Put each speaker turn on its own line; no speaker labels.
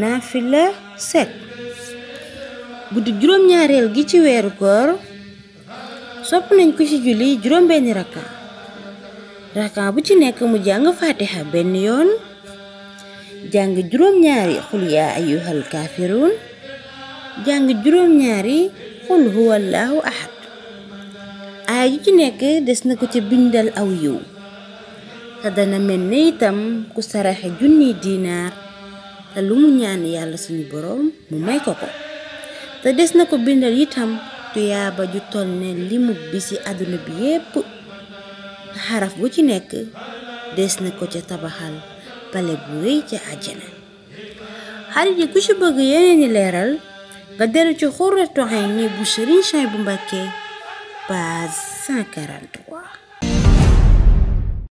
naafila set guddi juróom ñaareel gi ci weeru koor sopp nañ ko ci julli juróom benni rakka rakka bu ci nekk mu jàng faatiha benn yoon jàng juróom ñaari xul yaa ayyuhal kaafiruun jàng juróom ñaari xul huwallaahu ahad aaya ju ci nekk des na ko ca bindal aw yiw te dana mel ni itam ku saraxe junniy dinaar te lu mu ñaan yàlla suñu boroom mu may ko ko te des na ko bindal itam tuyaaba ju toll ne limu bi ci àdduna bi yépp xaraf bu ci nekk des na ko ca tabaxal pale bu rëy ca àjjana xarit yi ku ci bëgg yeneen leeral nga dellu ci Xurratu Ayni bu Sëriñ Shay bu Mbàkke page